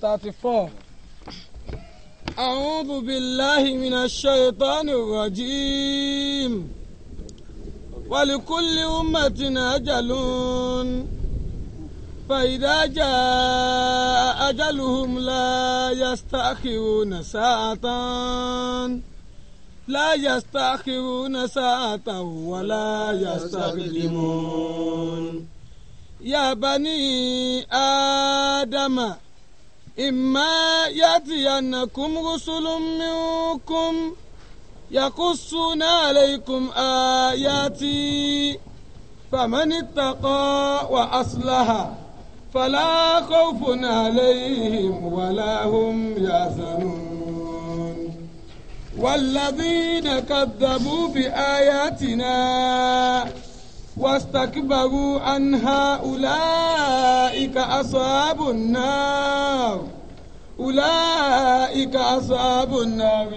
34 أعوذ بالله من الشيطان الرجيم ولكل أمة أجل فإذا جاء أجلهم لا يستأخرون ساعة لا يستأخرون ساعة ولا يستقدمون يا بني آدم إما يأتينكم رسل منكم يقصون عليكم آياتي فمن اتقى وأصلها فلا خوف عليهم ولا هم يحزنون والذين كذبوا بآياتنا واستكبروا عنها أولئك أصحاب النار أولئك أصحاب النار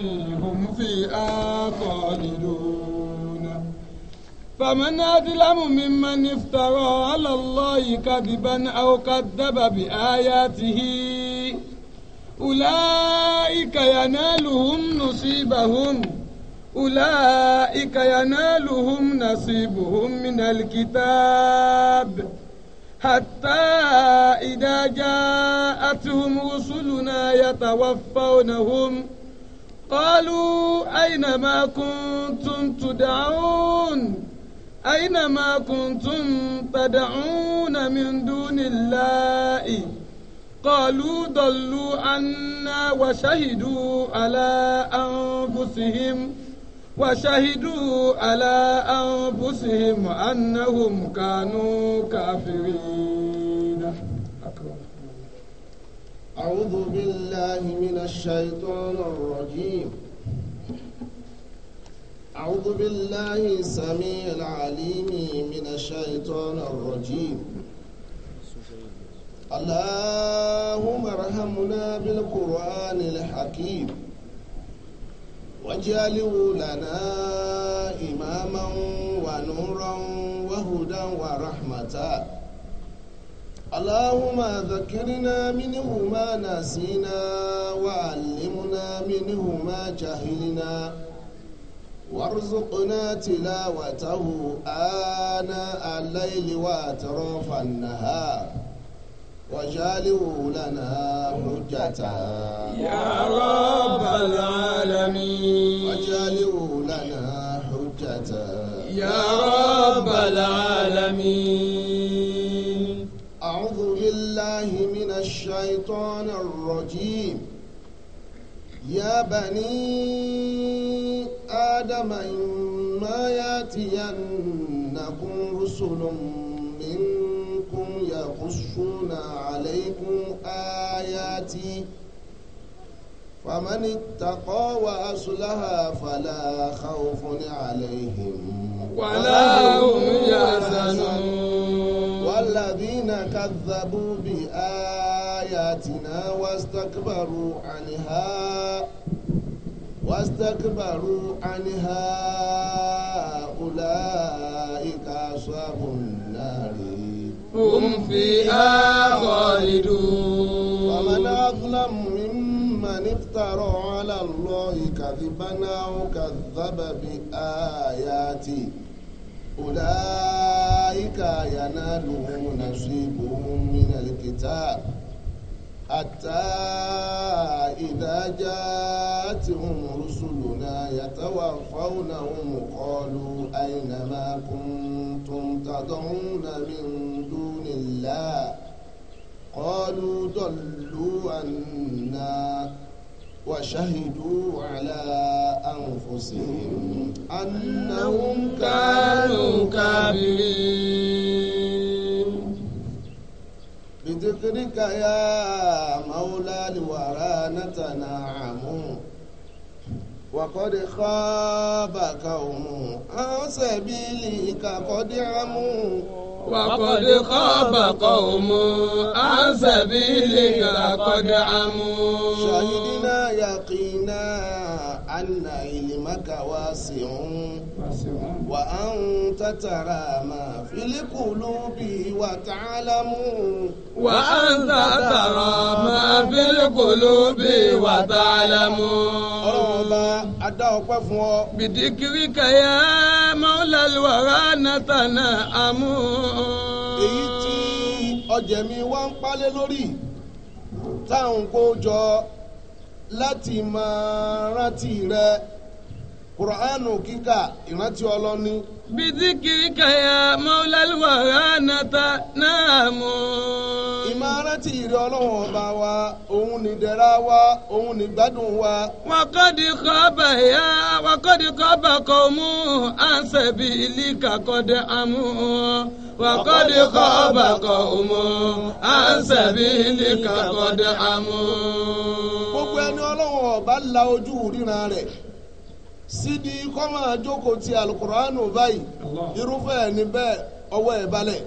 هم فيها خالدون فمن أظلم ممن افترى على الله كذبا أو كذب بآياته أولئك ينالهم نصيبهم أولئك ينالهم نصيبهم من الكتاب حتى إذا جاءتهم رسلنا يتوفونهم قالوا أين ما كنتم تدعون أين ما كنتم تدعون من دون الله قالوا ضلوا عنا وشهدوا على أنفسهم وشهدوا على أنفسهم أنهم كانوا كافرين أعوذ بالله من الشيطان الرجيم أعوذ بالله السميع العليم من الشيطان الرجيم اللهم ارحمنا بالقرآن الحكيم واجعله لنا إماما ونورا وهدى ورحمة اللهم ذكرنا منهما ناسينا نسينا وعلمنا منهما ما جهلنا وارزقنا تلاوته آناء الليل وأطراف النهار واجعله لنا حجة يا رب العالمين واجعله لنا حجة يا رب العالمين أعوذ بالله من الشيطان الرجيم يا بني آدم إما يأتينكم رسل يقصون عليكم آياتي فمن اتقى وأصلها فلا خوف عليهم ولا هم يحزنون والذين كذبوا بآياتنا واستكبروا عنها واستكبروا عنها أولئك أصحاب النار هم فيها خالدون ومن أظلم ممن افترى على الله كذبا أو كذب بآياته أولئك ينالهم نصيبهم من الكتاب حتى إذا جاءتهم رسل يتوفونهم قالوا أينما كنتم تدعون من دون الله قالوا ضلوا عنا وشهدوا على أنفسهم أنهم كانوا كافرين بذكرك يا مولى لورانتنا عمون wàkọ́dé xaaba kàwọ́mù ansẹ̀bílì kàkọ́dé amú. wàkọ́dé xaaba kàwọ́mù ansẹ̀bílì kàkọ́dé amú. sàyidina yaqina anna ilimaka wasi'un. وأنت ترى ما في القلوب وتعلم وأنت ترى ما في القلوب وتعلم ọlọ́mọba adá ọpẹ́ fún ọ. bìdíkiri kẹyà mọ́lẹ́lùwárà nàtànà àmú. èyí tí ọ̀jẹ̀mí wa ń palẹ̀ lórí táwọn kó jọ láti máa rántí rẹ kùránù kíkà ìrántí ọlọ́ni. bíi kiri kàyà mọ́lẹ́lúwà ránata náà mọ́. ìmọ̀ arántí ìrẹ́ ọlọ́run ọba wa òun ní dẹ̀ra wa òun ní gbádùn wa. wàkọ́dí kọ́ọ̀bà yá wàkọ́dí kọ́ọ̀bà kọ́ mú àǹsẹ̀bí ilé kàkọ́dẹ̀ amú wàkọ́dí kọ́ọ̀bà kọ́ mú àǹsẹ̀bí ilé kàkọ́dẹ̀ amú. gbogbo ẹni ọlọ́run ọba la ojú ríran rẹ̀. sidi kọ́ máa jókòó ti alukur'anu báyìí irúfẹ́ ẹni bẹ́ẹ̀ ọwọ́ ẹ̀ balẹ̀.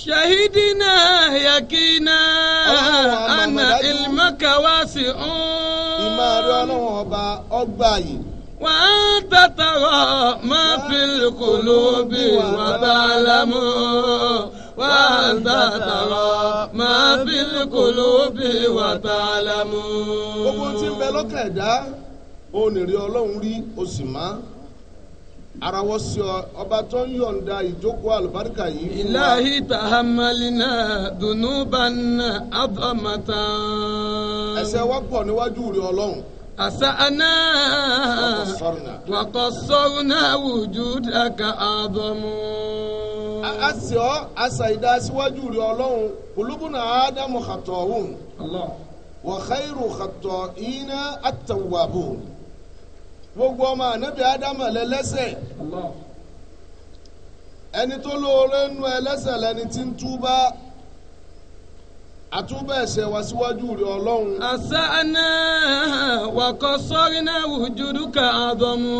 shahidina ana ilmaka wasi un. ìmọ̀ àrẹ ọlọ́wọ́n ọba ọgbà yìí. wà á tàtàrọ̀ máa fi ó nìrí ọlọ́run rí o sì má arawọ́ sí ọ ọba tó ń yọ̀ǹda ìjókòó àlùbáríkà yìí. ìláhi tahamalina dunubanna adhamata. ẹ̀ṣẹ̀ wa níwájú rí ọlọ́run. asa'ana wakọsọrna wujudaka adamu. a sì ọ́ àṣà ìdásíwájú rí ọlọ́run kulubuna ádámù khatọ̀ọ̀hún. wà khairu khatọ̀ọ̀hún iná àtàwàbù gbogbo ọmọ ànábì ádámà lẹ́lẹ́ṣẹ̀ ẹni tó lóore nú ẹlẹ́ṣẹ̀ lẹni tí ń túbá àtúbọ̀ ẹ̀ṣẹ̀ wá síwájú rẹ̀ ọlọ́run. àṣà àná wàkọ sọ́rí náà wùjúdú ka àdọ́mu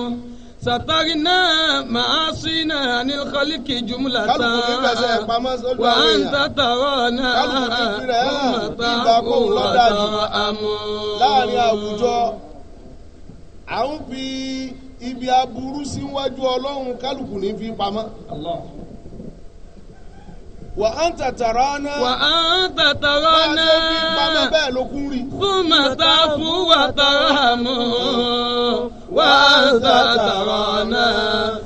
sàtàrí náà màá sí náà ní kọ́líkì jùmùlà tán wà á ń tàtàrọ̀ náà kó màtà kó wà tán àmọ́. láàrin àwùjọ à ń fi ibi aburú síwájú ọlọ́run kálukú ní fi pamọ́. wà á ń tàtàrà wà á ń tàtàrà náà. bá a ṣe fi pamọ́ bẹ́ẹ̀ ló kún rí. fún màtá fún wà á ń tàtàrà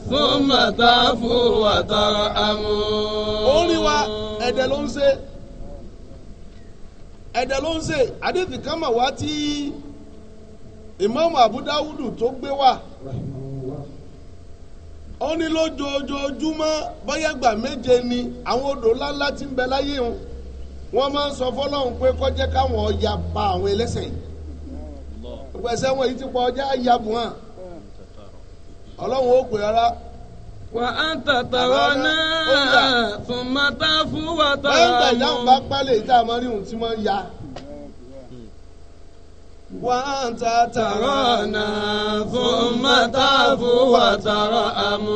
fún màtá fún wa ẹ̀dẹ̀ ló ń ṣe ẹ̀dẹ̀ ló ń ṣe ìmáàmù àbúdáwùdù tó gbé wà ó ní lójoojúmọ́ bọ́yàgbà méje ni àwọn odò ńláńlá ti ń bẹ láyé wọn wọ́n máa ń sọ fọlọ́run pé kọ́jẹ́ káwọn ọ̀yà ba àwọn ẹlẹ́sẹ̀ yìí ìpèsè wọn yìí ti pọ̀ ọjà àyàbù hàn ọlọ́run ó pè rárá. wà á tàtàrọ náà fún mata fún wàtà. lẹ́yìn tàyà ń bá pálẹ̀ ìta àmọ́ ríhùn tí wọ́n ń ya. وأنت ترانا ثم تعفو وترأم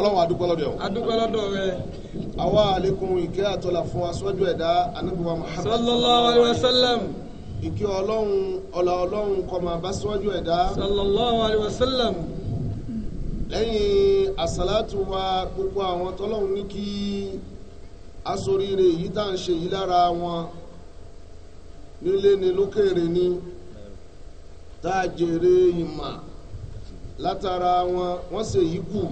ọlọ́run adúpẹ́ lọ́dọ̀ ẹ̀ o. adúpẹ́ lọ́dọ̀ rẹ̀. àwa àlékún ìkẹ́ àtọ́là fún aṣọ́jú ẹ̀dá anábìwá muhammad. sallallahu alayhi wa sallam. ìkẹ́ ọlọ́run ọlá ọlọ́run kó máa ẹ̀dá. sallallahu alayhi wa sallam. lẹ́yìn àsálàtù wa gbogbo àwọn tọ́lọ́run ní kí aṣoríire yìí tá à ń ṣe yìí lára wọn. nílé ni lókèrè ni tá a jèrè ìmọ̀ látara wọn wọn ṣe yìí kù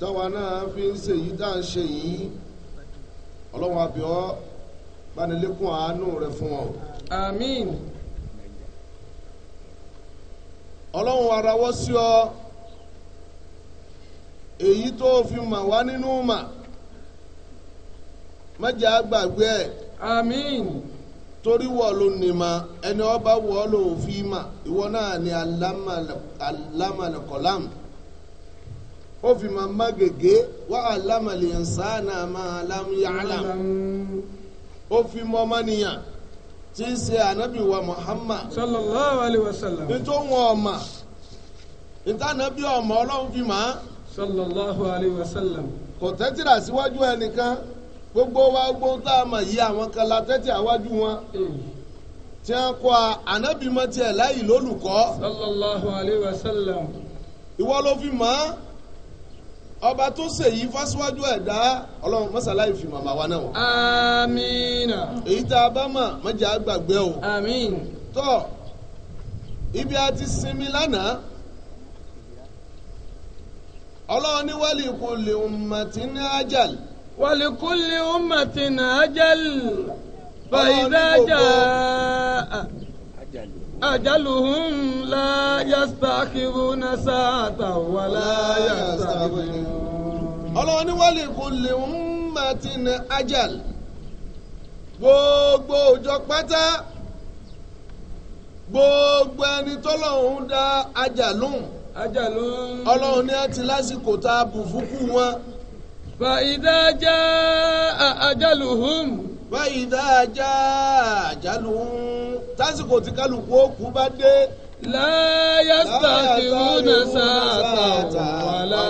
táwa náà fi ń ṣe yìí tá à ń ṣe yìí ọlọ́wọ́n àbíọ́ bánilékún àánú rẹ fún ọ. àmín. ọlọ́run arawọ́ sí ọ èyí tó fi mà wá nínú mà má jẹ́ àgbàgbé ẹ̀. àmín. torí wọ́ ló ní ma ẹni ọba wọ́ ló fi mà ìwọ náà ni alámàlẹ̀kọ̀lám ó fi ma má gègé wá alámàlẹ̀yànsánà máa lámúyàlám ó fi mọ́ mánìyàn tí ń ṣe ànábì wa Muhammad sallallahu alayhi wa sallam nítorí wọn ọmọ ìtànábì ọmọ ọlọ́run fi mà sallallahu alayhi wa sallam kò tẹ́tìrà síwájú ẹnìkan gbogbo wa gbogbo tá a mọ̀ yìí àwọn kan la tẹ́tí àwájú wọn tí wọ́n kọ́ ànábìmọ̀ tiẹ̀ láyì lólùkọ́. sallallahu alayhi wa sallam. ìwọ ló fi mọ́ ọba tó ṣèyí fásiwájú ẹ̀dá ọlọ́run mọ́sálá yìí fi màmá wa náà. amiina. èyí tá a bá mọ̀ mọ́jà gbàgbé o. amiin. tọ́ ibi a ti sinmi lánàá ọlọ́run ní wàlíkù lè mọ̀tí ní ájàlì. ولكل أمة أجل فإذا جاء أجلهم لا يستأخرون ساعة ولا يستقدمون Ọlọ́run ní wali kulli ummatin ajal gbogbo òjọ pátá gbogbo ẹni tọ́lọ́run dá ajalun ajalun Ọlọ́run ní ẹ ti lásìkò tá a bù fúkú wọn. فإذا جاء أجلهم فإذا جاء أجلهم tásìkò tí kálukú ó kú bá dé. لا يستأخرون ساعة ولا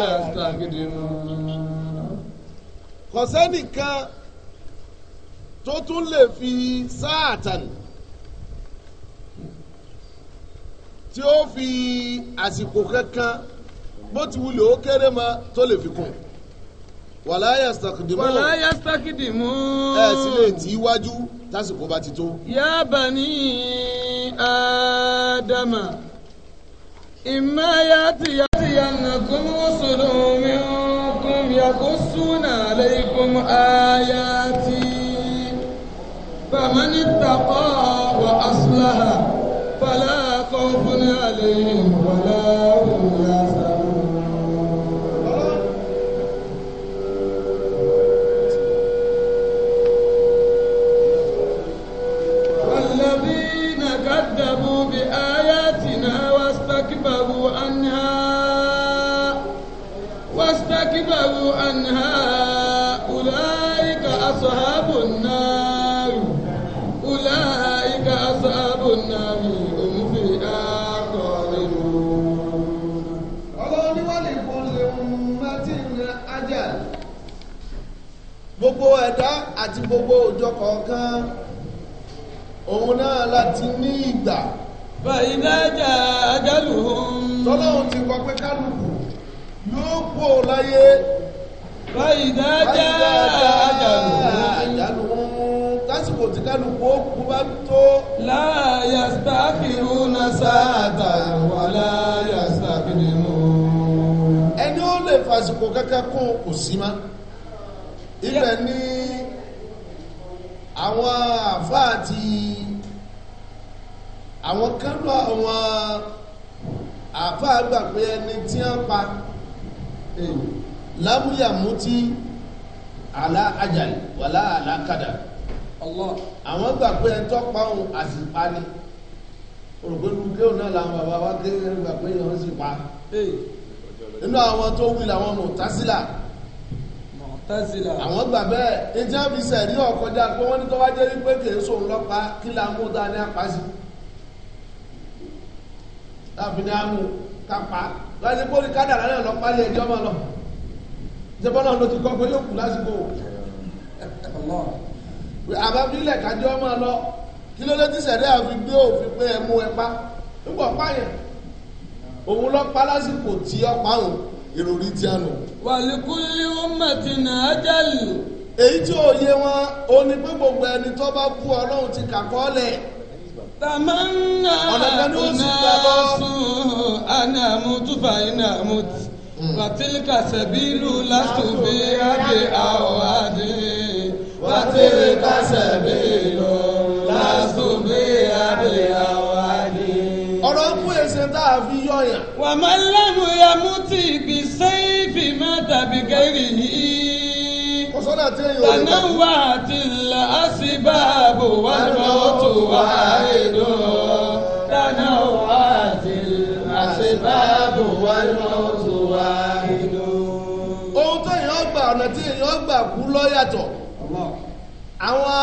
يستقدمون. kò sẹ́nìkan tó tún lè fi sáàtàn tí ó fi àsìkò kankan bó ti wulẹ̀ ó kéré ma tó lè fi kún wàlá yastakidimu. wàlá yastakidimu. ẹ sì lè wájú tásìkò bá ti tó. ya bani adama imma yati yati yanakum rusulun minkum yaqussuna alaykum ayati famani taqa wa aslaha fala khawfun alayhim wala. أصحاب النار أولئك أصحاب النار هم فيها خالدون gbogbo àti gbogbo òjò kọ̀ọ̀kan òun náà láti ní ìgbà báyìí lájà ajálù. ti kọ fàyídá já àjàlùmọ́ lásìkò tí kálukú ó kú bá tó. láàyè sábìrù náà sáàtà wà láàyè sábìrì mú. ẹni ó lè fàsìkò kankan kún kò sí ma. ibẹ̀ ni àwọn àfáà àti àwọn kánú àwọn àfáà gbà pé ẹni tí wọ́n pa lámúyà mutí àlá àjàlè wàlá àlá kàdà àwọn gbà pé ẹ tọ́pa òun àsìpa ni òrògbèrú kéwọn náà làwọn bàbá wa kéwọn gbà pé ìyàwó sì pa nínú àwọn tó wí làwọn mọ̀tásílà tẹ́sílà. àwọn gbà bẹ́ẹ̀ ìjẹ́ mi sẹ̀rí ọ̀kọjá pé wọ́n ní tó bá jẹ́ wípé kì í sóun lọ́pa kí la mú ta ní apasi. tàbí ní amú kápá láti kó ní kádàrá náà lọ́pa lé ẹjọ́ máa lọ ìjọba náà ló ti kọ́ pé yóò kù lásìkò àbábílẹ̀ kájọ́ máa lọ kí ló lé tí sẹ̀dẹ́ àfi gbé òfin pé ẹ mú ẹ pa nígbà páyẹn òun lọ pa lásìkò tí ọ pa òun ìròrí tí a nù. wàlíkúlí ummatin ajal. èyí tí ò yé wọn ó ní pé gbogbo ẹni tó bá bú ọlọ́run ti kàkọ́ lẹ̀. tàmánà àbùnà sùn àná àmútúfà iná àmútú. Mm. wàtílíkà sẹ̀bílù lásùbí àbí àwàdí wàtílíkà sẹ̀bílù lásùbí àbí àwàdí. ọ̀rọ̀ mú èsè tá a fi yọ̀yàn. wà á máa lẹ́nu ya mú ti ibi sẹ́yìnfì má tàbí kẹ́rì yìí. kòsónà tí èyí ò lè tẹ̀. tànà wà á ti là á sí bá a bò wá lọ́wọ́ tó wà èdò. tànà wà á ti là á sí bá a bò wá lọ́wọ́. ọ̀nà tí èèyàn gbà kú lọ́yàtọ̀ àwọn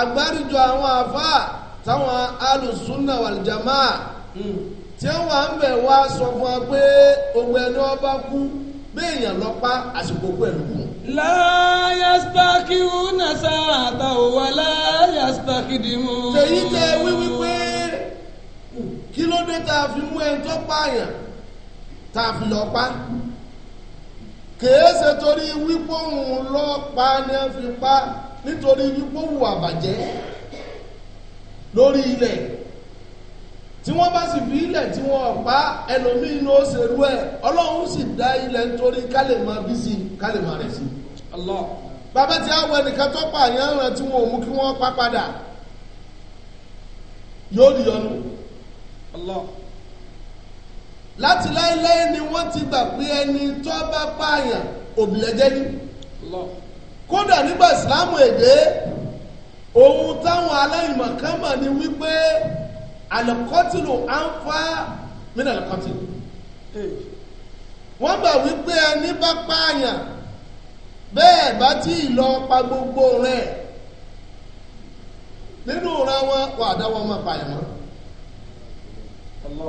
agbáríjọ àwọn àfáà táwọn alùsùnà wàlìjàmá hmm. tí wọ́n ń bẹ̀ wá sọ fún wa pé ogun ẹni ọba kú béèyàn lọ pa àsìkò pẹ̀lú. láyàsítákì unasa àtàwọ̀ láyàsítákì dìmú. èyí tẹ wíwí pé kí tá a fi mú ẹni tó pààyàn tá a fi lọ pa kèése torí wípé òun lọ pa ni ẹ fi pa nítorí wípé òun àbàjẹ́ lórí ilẹ̀ tí wọ́n bá sì fi ilẹ̀ tí wọ́n pa ẹlòmíín ló ṣerú ẹ̀ ọlọ́run sì dá ilẹ̀ nítorí ká máa bí sí ká máa rẹ̀ sí Allah bàbá tí àwọn ẹnìkan tó pààyàn ràn tí wọn ò mú kí wọ́n pa padà yóò di ọnu Allah láti láéláé ni wọ́n ti gbà pé ẹni tó bá pààyàn òbílẹ̀jẹ́ ni kódà nígbà ìsìlámù èdè ohun táwọn aláìmọ̀kan mọ̀ ni wípé àlọ́kọ́tìlù á ń fa mínà àlọ́kọ́tìlù wọ́n gbà wípé ẹni bá pààyàn bẹ́ẹ̀ bá tí ì lọ pa gbogbo rẹ̀ nínú ìran wọn wà dáwọ́ ọmọ pààyàn mọ́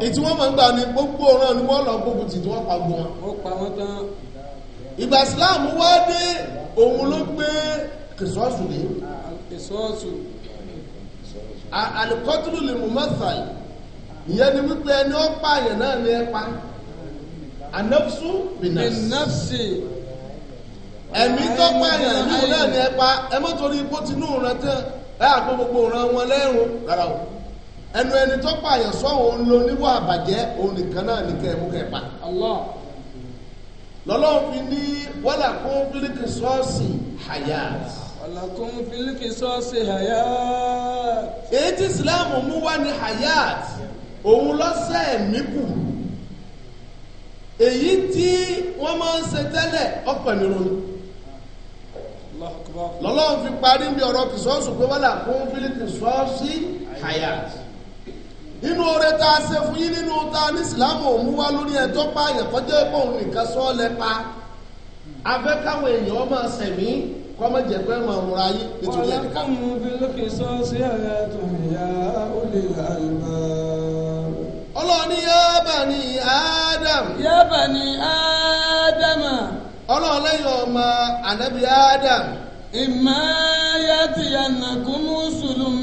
ìtí wọ́n mọ̀ ń gbà ní gbogbo ọ̀ràn ni wọ́n lọ gbógun tì tí wọ́n pa gbọ́n. ó pa wọ́n tán. ìgbà Islam wá dé òun ló gbé kìsọ́ọ̀sù dé. kìsọ́ọ̀sù. alikọ́tùlù lè mú mọ́sàl ìyẹn ni wípé ẹni ó pààyàn náà ní ẹ pa anafsu binafsi ẹ̀mí tó pààyàn nínú náà ní ẹ pa ẹ mọ́ torí bó ti nù rántí ẹ àpò gbogbo ọ̀ràn wọn lẹ́rùn rárá o ẹnu ẹni tó pààyàn sọ́hún òun lo níwọ̀ àbàjẹ́ òun nìkan náà ní kẹ́ẹ̀mú kẹ́ẹ̀pá. lọ́lọ́run fi ní wọ́là kún fílíkì sọ́ọ̀sì àyà. wọ́là kún fílíkì sọ́ọ̀sì àyà. èyí tí ìsìláàmù mú wá ní àyà òun lọ́sẹ̀ mí kù èyí tí wọ́n máa ń ṣe tẹ́lẹ̀ ọ̀pọ̀ nírun lọ́lọ́run fi parí bí ọ̀rọ̀ kìsọ́ọ̀sì pé wọ́n kún fílíkì sọ́ọ̀sì hayat nínú oore tá a ṣe fún yín nínú tá a ní ìsìlámù òun lórí ẹjọ́ pààyàn kọjá ẹ̀pọ̀ òun nìkan sọ́ lẹ́pa afẹ́ káwọn èèyàn máa sẹ̀mí kọ́mọ jẹ pé mo múra yín nítorí ẹni ká. ọ̀làkàmù bí lókè sọ sí ara tó yá ó lè àlùbá. ọlọ́ọ̀ni yá bani Adam. yá bani Adama. ọlọ́ọ̀lẹ́yìn ọmọ ànábì Adam. ìmọ̀ ayé ti yànnà kó mú sùlùmí.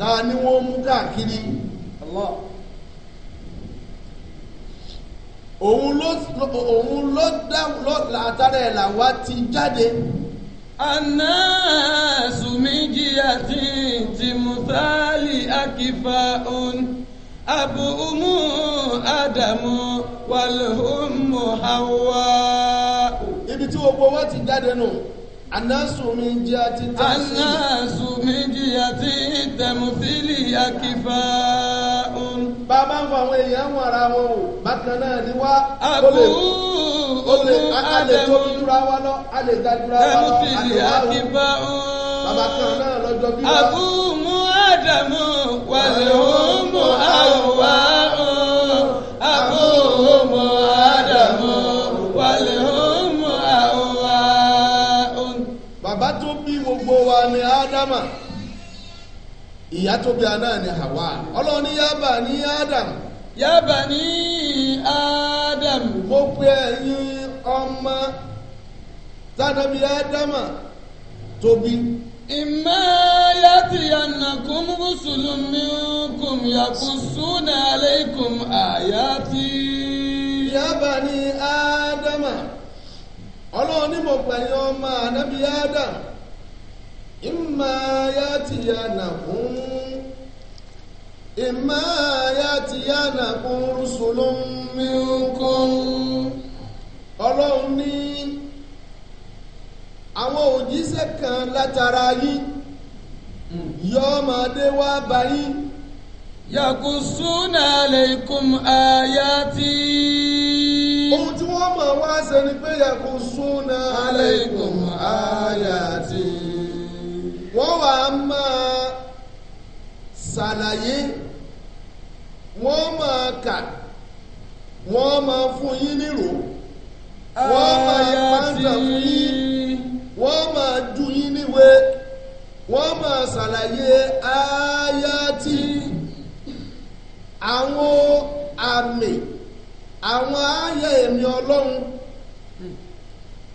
ta ni wọ́n mú káàkiri Allah òun ló òun ló dáhùn látara ẹ̀ làwa ti jáde. àná sùmíjì àti tìmùtálì àkìfà òun àbùmù àdàmú wàlúhùmù hawa. ibi tí gbogbo wọn ti jáde nù. No Anasu min jihati tamthili. Anasu min jihati tamthili ya kifa'un. Bàbá ń fọ àwọn èèyàn wọn ara wọn o, bákan náà ni wá. Àbú olè a lè tóbi dúra wa lọ, a lè ga dúra wa lọ, a lè wá o. Bàbá kan náà lọ́jọ́ bí wa. Àbú mú Ádámù wà lè hó mú àwòrán. tó bí gbogbo wa ni ádámà ìyá tó bí aná ni Hawa ọlọ́run ní yábà ní ádámù. yábà ní ádámù. mo pe ẹ̀yin ọmọ sádàbí ádámà tó bí. ìmọ̀ yàtì ànàkùn mùsùlùmí kùm yàkùsùn àlẹ́kùm àyàtì. yábà ní ádámà. ọlọ́run ní mo pẹ̀yìn ọmọ ànábì Adam ìmọ̀ ayá ti yà nà ìmọ̀ ayá ti yà ọlọ́run ní àwọn òjíṣẹ́ kan látara yìí yọ ọmọdé wá báyìí yàkùsùnà alaykum ayati. ohun tí wọ́n máa wá ṣe ni pé yàkùsùnà alaykum ayati. wọ́n wà á máa ṣàlàyé wọ́n máa kà wọ́n máa fún yín nírò wọ́n máa pàǹtà fún yín wọ́n máa dùn yín níwèé wọ́n máa ṣàlàyé ayati àwọn àmì àwọn ààyè èmi ọlọ́run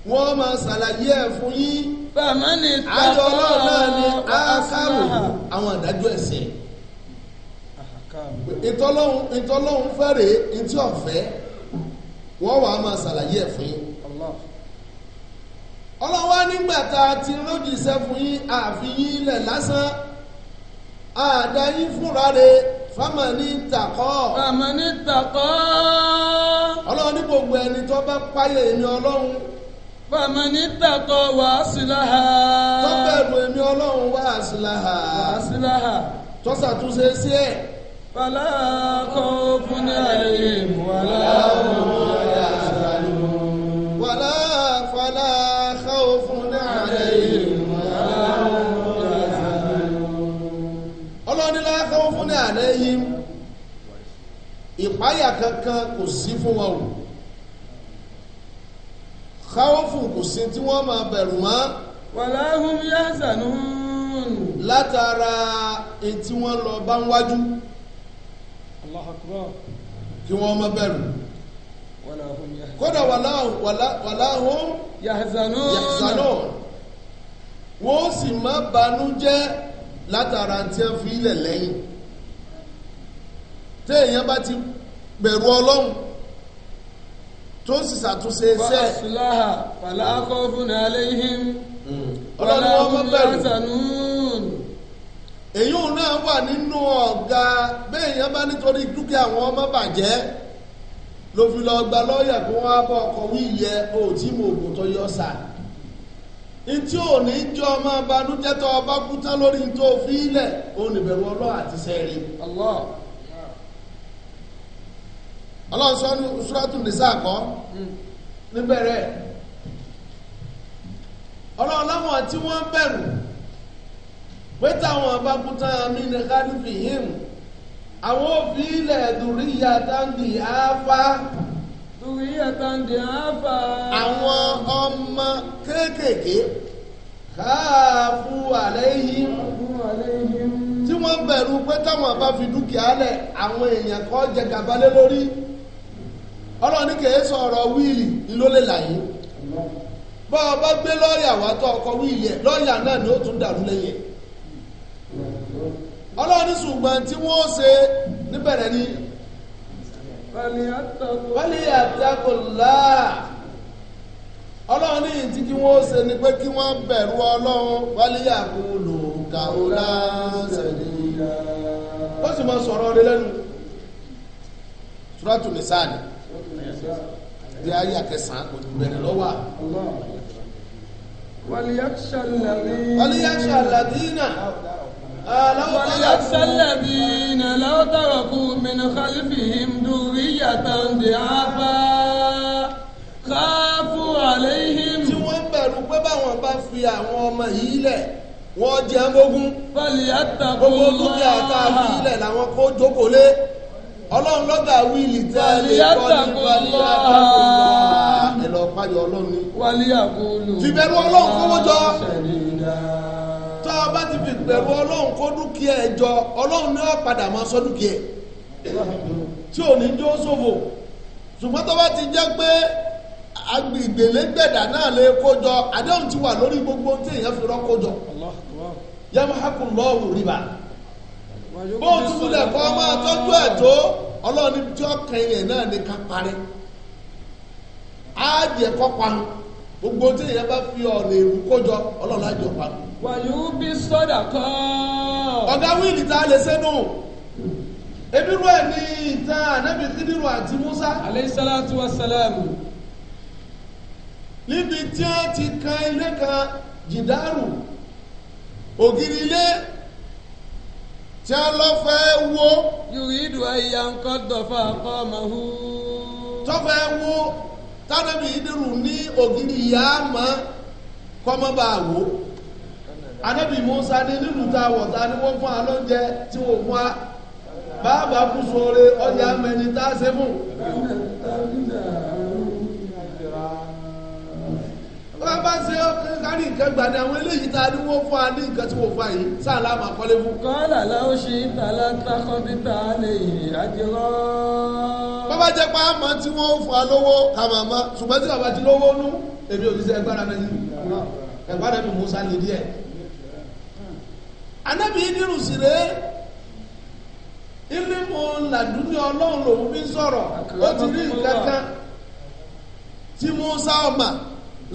wọ́n máa ṣàlàyé ẹ̀ fún yín bàmánì àjọ ọlọ́run náà ni àákàmù àwọn àdájọ́ ẹ̀sìn ìtọ́lọ́hún ìtọ́lọ́hún fẹ́rẹ̀ ntí ọ̀fẹ́ wọ́n wàá máa ṣàlàyé ẹ̀ fún yín ọlọ́wọ́ nígbà tá a ti lójìṣẹ́ fún yín àfi yín lẹ̀ lásán àdá yín fúnra rẹ̀ fámánì tàkọ́. fámánì tàkọ́. ọlọ́run ní gbogbo ẹni tó bá páyà èmi ọlọ́run. fámánì tàkọ́ wàásìláhà. tó bẹ̀rù èmi ọlọ́run wàásìláhà. wàásìláhà. tó ṣàtúnṣe sí ẹ̀. fàlà wala. fún ní àlè alayhim ìpáyà kankan kò sí fún wọn o káwọ́fù kò sí tí wọ́n máa bẹ̀rù mọ́. wàláhùn yásànù. látara etí wọn lọ bá ń wájú. Allahu Akbar. kí wọ́n má bẹ̀rù. kódà wàláhùn yásànù. yásànù. wọ́n sì má banú jẹ́ látara tí wọ́n fi ilẹ̀ lẹ́yìn. tí èèyàn bá ti bẹ̀rù ọlọ́run tó sì ṣàtúnṣe ṣe. wàhálà fàlàkọ́ fún aléhìn ọlọ́run ọmọ bẹ̀rù èyí òun náà wà nínú ọ̀gá bẹ́ẹ̀ bá nítorí dúkìá àwọn ọmọ bàjẹ́ ló fi lọ gba lọ́ọ̀yà kó yọ sà ntí ò ní ọmọ ọba kú tán lórí ntó ọlọ́run sọ ní ṣúrọ́tù nìsá kọ́ hmm. níbẹ̀rẹ̀ ọlọ́run láwọn tí wọ́n bẹ̀rù pé táwọn abákútà mi ní kálífì yìí àwọn òfin ilẹ̀ ẹ̀dùnrí ìyá táǹdì áfá ìdùnrí ìyá táǹdì áfá àwọn ọmọ kéékèèké káàfù àlẹ́yìn tí wọ́n bẹ̀rù pé táwọn abá fi dúkìá lẹ̀ àwọn èèyàn kan jẹ gàbálé lórí. ọlọ́run ní sọ ọ̀rọ̀ wíìlì ló ọ bá gbé lọ́ọ̀yà wá tó ọkọ̀ wíìlì ẹ̀ lọ́ọ̀yà náà ni ó tún dàrú lẹ́yìn ọlọ́run ṣùgbọ́n tí wọ́n ṣe níbẹ̀rẹ̀ ni wálé ní ìtí kí wọ́n ṣe ni pé kí wọ́n bẹ̀rù ọlọ́run àkúlò ó sì sọ̀rọ̀ lẹ́nu bí ayé akẹsàn-án kò bẹ̀rẹ̀ lọ́wọ́ à. wàlíyàkṣà làbí. wàlíyàkṣà làbínà. وليخشى الذين لو تركوا من خلفهم ذرية ضعافا خافوا عليهم tí wọ́n bẹ̀rù pé báwọn bá fi àwọn ọmọ yìí lẹ̀ wọ́n jẹ́ ogún. fẹ́lẹ̀ yàtọ̀ kó lọ́wọ́ gbogbo dúkìá tá fi lẹ̀ làwọn kó jókòó lé. ọlọ́run lọ́gà wíìlì tí a lè kọ́ ní wàlíyà ẹ ọlọ́run ni. wàlíyà kò bẹ̀rù ọlọ́run jọ. tọ́ bá ti fi bẹ̀rù ọlọ́run kó dúkìá jọ ọlọ́run ni padà máa sọ dúkìá tí ò ti jẹ́ pé náà lè àdéhùn ti gbogbo tí èèyàn fi rọ́ bó o tún múlẹ̀ kọ́ máa tọ́jú ẹ̀ tó ọlọ́ọ̀ni tí ó kan ilẹ̀ náà ní ká parí á jẹ́ kọ́ parun gbogbo tí èèyàn bá fi ọ̀nà èrú kójọ ọlọ́ọ̀ni á jọ parun. wàyú bí sọ́dà kọ́. ọ̀gá wíìlì tá a lè sẹ́nu ebiru ẹ̀ ní ìtàn ànábì kídírù àti Musa. aleyhi salatu wa salam. níbi tí wọ́n ti kan ilé kan jìdárù ògiri ilé. tí a lọ fẹ́ wo. yuridu ayé nǹkan dọ̀fà kọ́ màhú. tọ́fẹ́ wo tánàbí ìdírù ní ògiri ya ma kọ́mọ́bà wò. anábì nílùú tá a a ní wọ́n fún wa tí wọ́n wọ́n bá ṣe kárí nǹkan gbà ní àwọn eléyìí tá a ní wọ́n fún wa ní nǹkan tí wọ́n fún wa yìí sáà láàmà kọ́lé fún. kọ́lá làwọn ṣe ń ta látàkọ́ bíbá lè àjẹrọ́. bàbá jẹ́ pé àmọ́ tí wọ́n ń fún wa lówó kàmàmá ṣùgbọ́n tí bàbá ti lówó nú èmi ò sẹ́ ẹgbára náà yìí ẹgbára mi Musa lè díẹ̀. anábì nírun sì rèé ilé mu làdúnyẹ ọlọ́run lòún fi sọ̀rọ̀ ó ti rí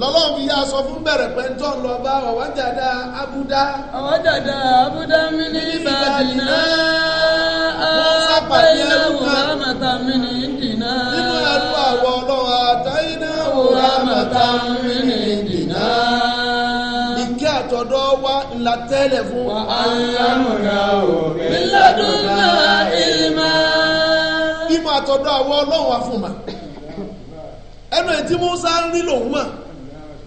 lọ́lọ́run fi yá sọ fún bẹ̀rẹ̀ pé ń tọ́ lọ bá ọ̀wá dàda abúdá. ọ̀wá dàda abúdá mi ní ìbàdìná àpẹẹrẹ ìlàwọ̀ àmàtà mi ní ìdìná. nínú ẹrú àwọ̀ ọlọ́wọ́ àtàyínà òwò àmàtà mi ní ìdìná. ìkẹ́ àtọ̀dọ́ wa ńlá tẹ́lẹ̀ fún. wà á lámùrà òkè. ńlọ́dúnlá ìlmà. ìmọ̀ àtọ̀dọ́ àwọ̀ ọlọ́wọ́ àfùnmà ẹnu ẹ̀ tí Musa ń rí lòun mọ̀.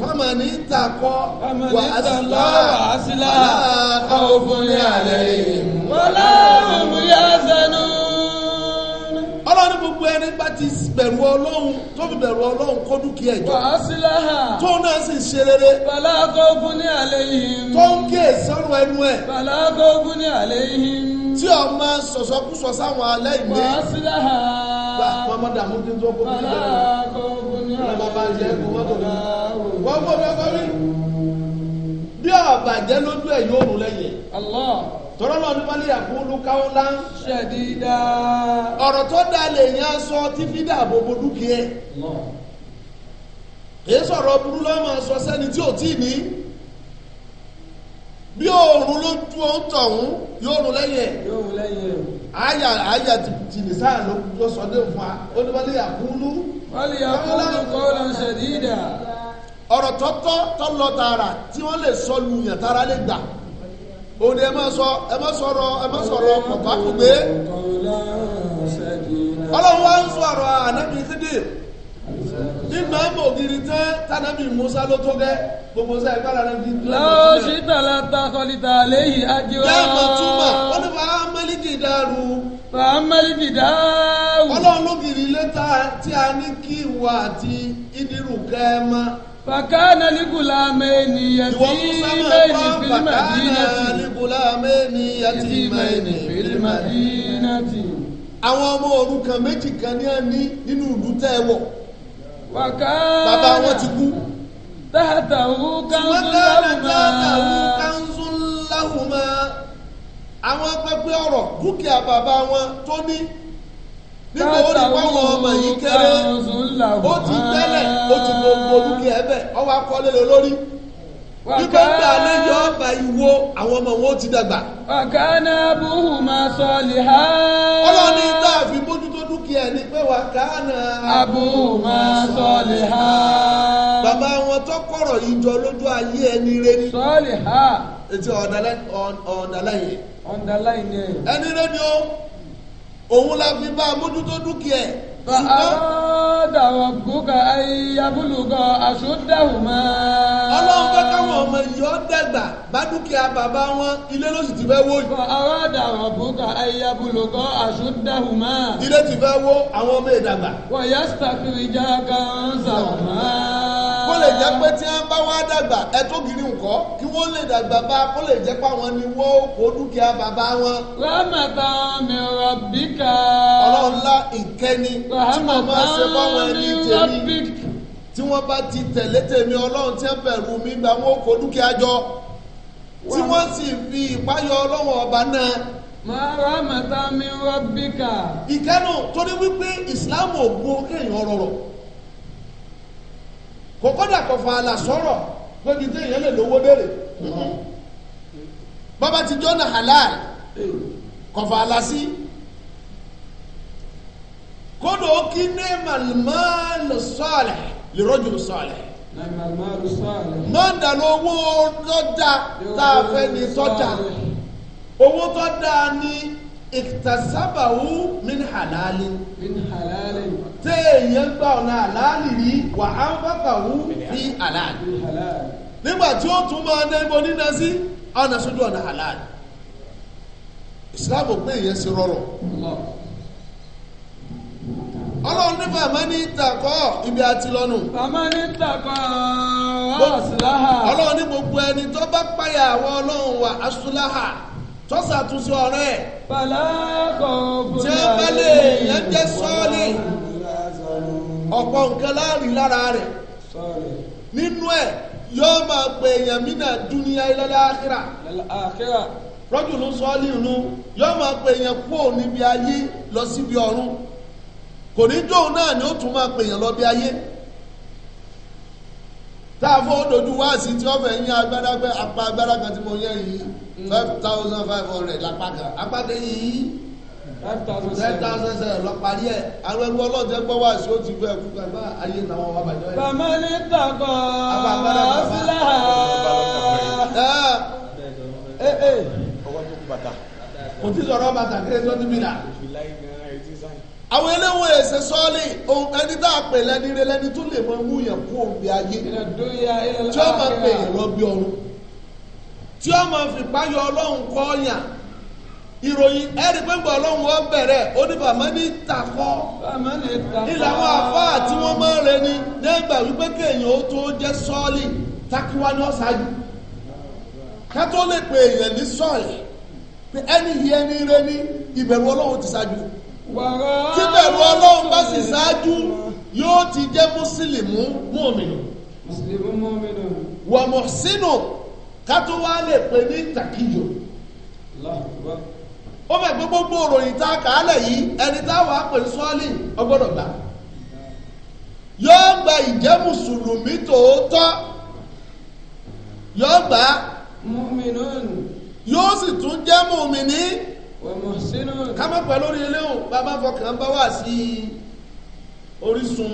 fámánì takọ wà ásílá ásílá káwọ fún mi àlẹ́ yìí. wọlé òun yá sẹ́nu. ọlọ́run gbogbo ẹni bá ti bẹ̀rù ọlọ́run tó fi bẹ̀rù ọlọ́run kó dúkìá ẹ̀jọ́. ha. tó náà sì ṣe rere. bàlá kó fún ní àlẹ́ yìí. tó ń ké sọ́run ẹnu ẹ̀. bàlá kó fún ní àlẹ́ yìí. tí ọmọ sọ̀sọ́kúsọ sáwọn aláìní. wà ha gba mọ́mọ́ dààmú tí ń sọ fún mi lọ́wọ́ lọ́wọ́ bá ń ṣe ẹ̀kọ́ mọ́tò mi wọ́n kó mi ọkọ mi bí lójú ẹ̀ yóò rún lẹ́yìn tọ́lọ́ lọ́ọ́ nípa lè yàgò olùkáwọ́ lá. ṣẹ̀dídà. ọ̀rọ̀ tó da lè sọ tí fi dààbò dúkìá. kì í sọ̀rọ̀ burú lọ́mọ sọ sẹ́ni tí ò tí ì ní bí òòrùn ló ju ohun tọ̀hún yóò rún lẹ́yìn ẹ̀ àyà àyà jìnnìsá ló sọ dé fún wa ó ní wọ́n lè yàkúlú wọ́n lè yàkúlú qawlan sadida ọ̀rọ̀ tọ́tọ́ tọ́lọ tààrà tí wọ́n lè sọ lùyàn tààrà lè gbà ó ní ẹ má sọ ẹ má sọ̀rọ̀ ẹ má sọ̀rọ̀ kọ̀tọ́ àkùgbé ọlọ́run wá ń sọ ọ̀rọ̀ ànábì nígbà gbògiri tẹ tànàbí musa ló tó gẹ gbogbo sẹ ẹgbẹ rẹ di. lọ́wọ́ sí tàlà ta kọ́lítà lẹ́yìn ajé wa. bẹ́ẹ̀ mọ̀ túmọ̀ wọ́n ní fàá mẹ́líkì dàrú. fàá mẹ́líkì dàrú. ọlọ́run ló gìrì tí a ní kí ìwà àti ìdírù kẹ́ ẹ mọ́. Fakana ligula meni yati meni fil madinati. Fakana ligula meni yati meni fil madinati. Àwọn ọmọ òrukàn méjì kan ní àní nínú ìlú tẹ́ wọ̀ bàbá wọn ti kú. tàtàwù kanzun láhùmá. àwọn pẹpẹ ọ̀rọ̀ dúkìá bàbá wọn tó ní nígbà ó ní wáwọn ọmọ yìí kéré ó ti tẹ́lẹ̀ ó ti gbogbo dúkìá ẹ̀ bẹ́ẹ̀ ọwọ́ lórí wípé ń gbà àlejò ọba ìwo àwọn ọmọ wọn ó ti dàgbà. wàkánà abúhù máa sọ lìhá. ọlọ́ni tá a fi bójútó dúkìá ẹni pé wàkánà abúhù máa sọ lìhá. bàbá wọn tó kọ̀rọ̀ ìjọ lójú ayé ẹni rẹ ni. sọ lìhá. ètò ọ̀ndàláyè. ọ̀ndàláyè. ẹni rẹ ni ó òun la fi bá bójútó dúkìá فأراد ربك أن يبلغا أشدهما. ọlọ́run fẹ́ káwọn ọmọ yìí ó dàgbà bá dúkìá bàbá wọn ilé ló sì ti fẹ́ wó. فأراد ربك أن يبلغا أشدهما. ilé ti fẹ́ wó àwọn ọmọ ìdàgbà. ويستخرجا كنزهما kó lè jẹ́ pé tí wọ́n bá wá dàgbà ẹ tó gírí nǹkọ́ kí wọ́n lè dàgbà bá kó lè jẹ́ pé àwọn ni wọ́n kó dúkìá bàbá wọn. rahmatan min rabbika. ọlọ́run lá ìkẹ́ni tí mo bá ṣe báwọn ẹni tèmi tí wọ́n bá ti tẹ̀lé tèmi ọlọ́run tí ń bẹ̀rù mi gba wọn kó dúkìá jọ tí wọ́n sì fi ìpáyọ ọlọ́run ọba náà. máa màtá mi rọ́bìkà. ìkànnù torí wípé ìsìláàmù ò gbó kéèyàn rọrọ kò kọ́dà kò fà á là sọ̀rọ̀ lójú tí èèyàn lè lówó béèrè mm-hmm. bàbá ti jọ́nà halal kò fà á sí. Si kódò ó kí ní màlúmáàlù sọ́ọ̀lẹ̀ lè rọ́jò sọ́ọ̀lẹ̀. máa ń dànù owó tọ́jà tá a fẹ́ ní tọ́jà owó tọ́jà ní ìtàsábàwù min halali. min halali. téèyàn gbà ọ̀nà àlàálì rí wà á ń fàkàwù fi àlàálì. nígbà tí ó tún máa ná ibo nínú sí ọ̀nà sójú ọ̀nà àlàálì. ìsìlámù pé èèyàn ṣe rọrùn ọlọ́run ní bàmá ní ìtàkọ́ ibi àti lọ́nu. bàmá ní ìtàkọ́ ọ̀ṣùláhà. ọlọ́run ní gbogbo ẹni tó bá páyà àwọn ọlọ́run wà aṣùláhà tó ṣàtúnṣe ọ̀rẹ́ ẹ̀. bàlá kò fún mi. tí ó bá lè yẹn jẹ́ sọ́ọ̀lì ọ̀pọ̀ nǹkan láàrin lára rẹ̀ nínú ẹ̀ yóò máa pe èèyàn mínà dúníyà ilẹ̀ àkírà. rọ́jùlù sọ́ọ̀lì ìlú yóò máa pe èèyàn kúò kò ní dóun náà ni ó tún máa pèèyàn lọ bí ayé tá a fọ́ dojú wáàsí tí wọ́n fẹ́ yín agbára pé apá agbára kan tí mo yẹ yìí five thousand five hundred lápá kan apá kan yìí five thousand seven five thousand seven lọ parí ẹ̀ àwọn ẹrú ọlọ́ọ̀tẹ́ gbọ́ wáàsí ó ti fẹ́ kú kàgbá ayé làwọn wà bàjọ́ yẹn. bàmá ní tàkọ́ ọ̀sílà. ẹ ẹ ọwọ́ tó kú bàtà. kò tí sọ̀rọ̀ ti bì náà àwọn eléwọ̀n ẹ̀sẹ̀ sọ́ọ́lì ohun ẹni tá a pè lẹ́ni rẹ lẹ́ni tó lè mọ ewu yẹn kú òbí ayé tí ó máa pè yẹn lọ bí ọrùn tí ó máa fi páyọ ọlọ́run kọ́ yàn ìròyìn ẹ̀rí pé gbọ́ ọlọ́run ó bẹ̀rẹ̀ ó ní bàmá ní takọ́ ìlànà àfáà tí wọ́n máa ń reni nígbà wípé kéèyàn ó tó jẹ́ sọ́ọ́lì takiwa ní ọ̀sájú ká lè pè èèyàn ní sọ́ọ̀lì pé ẹni yìí ẹni reni ìbẹ̀rù ọlọ́run ti ṣáájú tí bẹ̀rù ọlọ́run bá sì ṣáájú yóò ti jẹ́ mùsùlùmù mọ́mìnù wà mọ̀sínù ká tó wá lè pè ní tàkìjọ ó fẹ́ pé gbogbo òròyìn tá a kà á lẹ̀ yìí ẹni táwọn àpè sọ́ọ́lì ọgbọ́dọ̀ gbà yóò gba ìjẹ́ mùsùlùmí tòótọ́ yóò gbà yóò sì tún jẹ́ mùmìnì ká má pẹ́ lórí eléhùn bàbá fọkàn bá wà sí orísun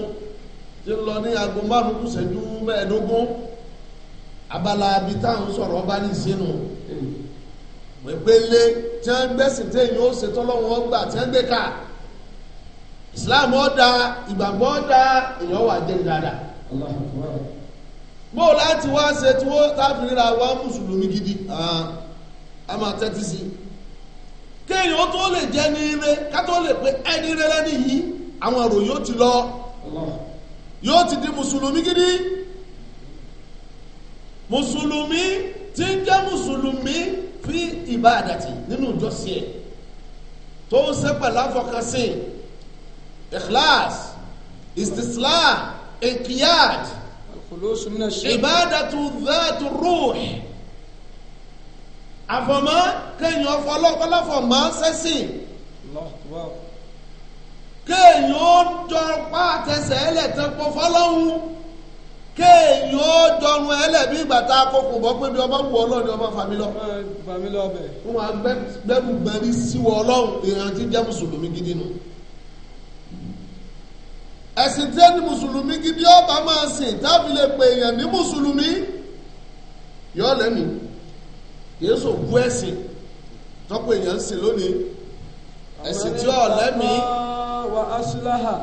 tí ń lọ ní aago márùn kù ṣẹ́jú mẹ́ẹ̀ẹ́dógún abala abi táwọn sọ̀rọ̀ bá ní ìsínú pẹ̀pẹ́lẹ́ tí wọ́n gbẹ́sìn téèyàn ó ṣètọ́ lọ́wọ́ gbà tí wọ́n gbé ká ìsìláàmù ọ̀dà ìgbàgbọ́ ọ̀dà èèyàn wà jẹ́ dáadáa bó láti wá ṣe tí wọ́n tábìlì ra wá mùsùlùmí gidi a máa tẹ́tí sí i kéèyàn ó tó lè jẹ́ ní ire ká tó lè pé ẹni ire lẹ́ni yìí àwọn ìròyìn ó ti lọ yóò ti di mùsùlùmí gidi mùsùlùmí tí ń jẹ́ mùsùlùmí fi ìbádàtì nínú ìjọsìn ẹ̀ tó ń sẹ́pẹ̀ láfọkànsìn ikhlas istislam inqiyad ìbádàtù dhatu ruh àfọ̀mọ́ kéèyàn ọ̀fọ̀ ọlọ́pọ̀lọpọ̀ mọ́ sẹ́sìn kéèyàn ó jọ pa àtẹsẹ̀ ẹlẹ́tẹ̀ pọ̀ fọlọ́hún kéèyàn ó dọrun ẹlẹ́bí ìgbà tá a kókò bọ́ pé bí ọba wù ọlọ́run ni ọba fàmí lọ. fàmí lọ bẹ̀. wọn á gbẹ́rù gbẹ́rí síwọ ọlọ́run èèyàn ti jẹ́ mùsùlùmí gidi nù. ẹ̀sìn tí ẹni mùsùlùmí gidi ọba máa sìn tábìlẹ̀ pé èèyàn ní mùsùlùmí yọ lẹ́mìí kìí sòkú ẹ̀sìn tọ́pọ̀ èèyàn ń sìn lónìí ẹ̀sìn tí ó lẹ́mìí. wa asulaha.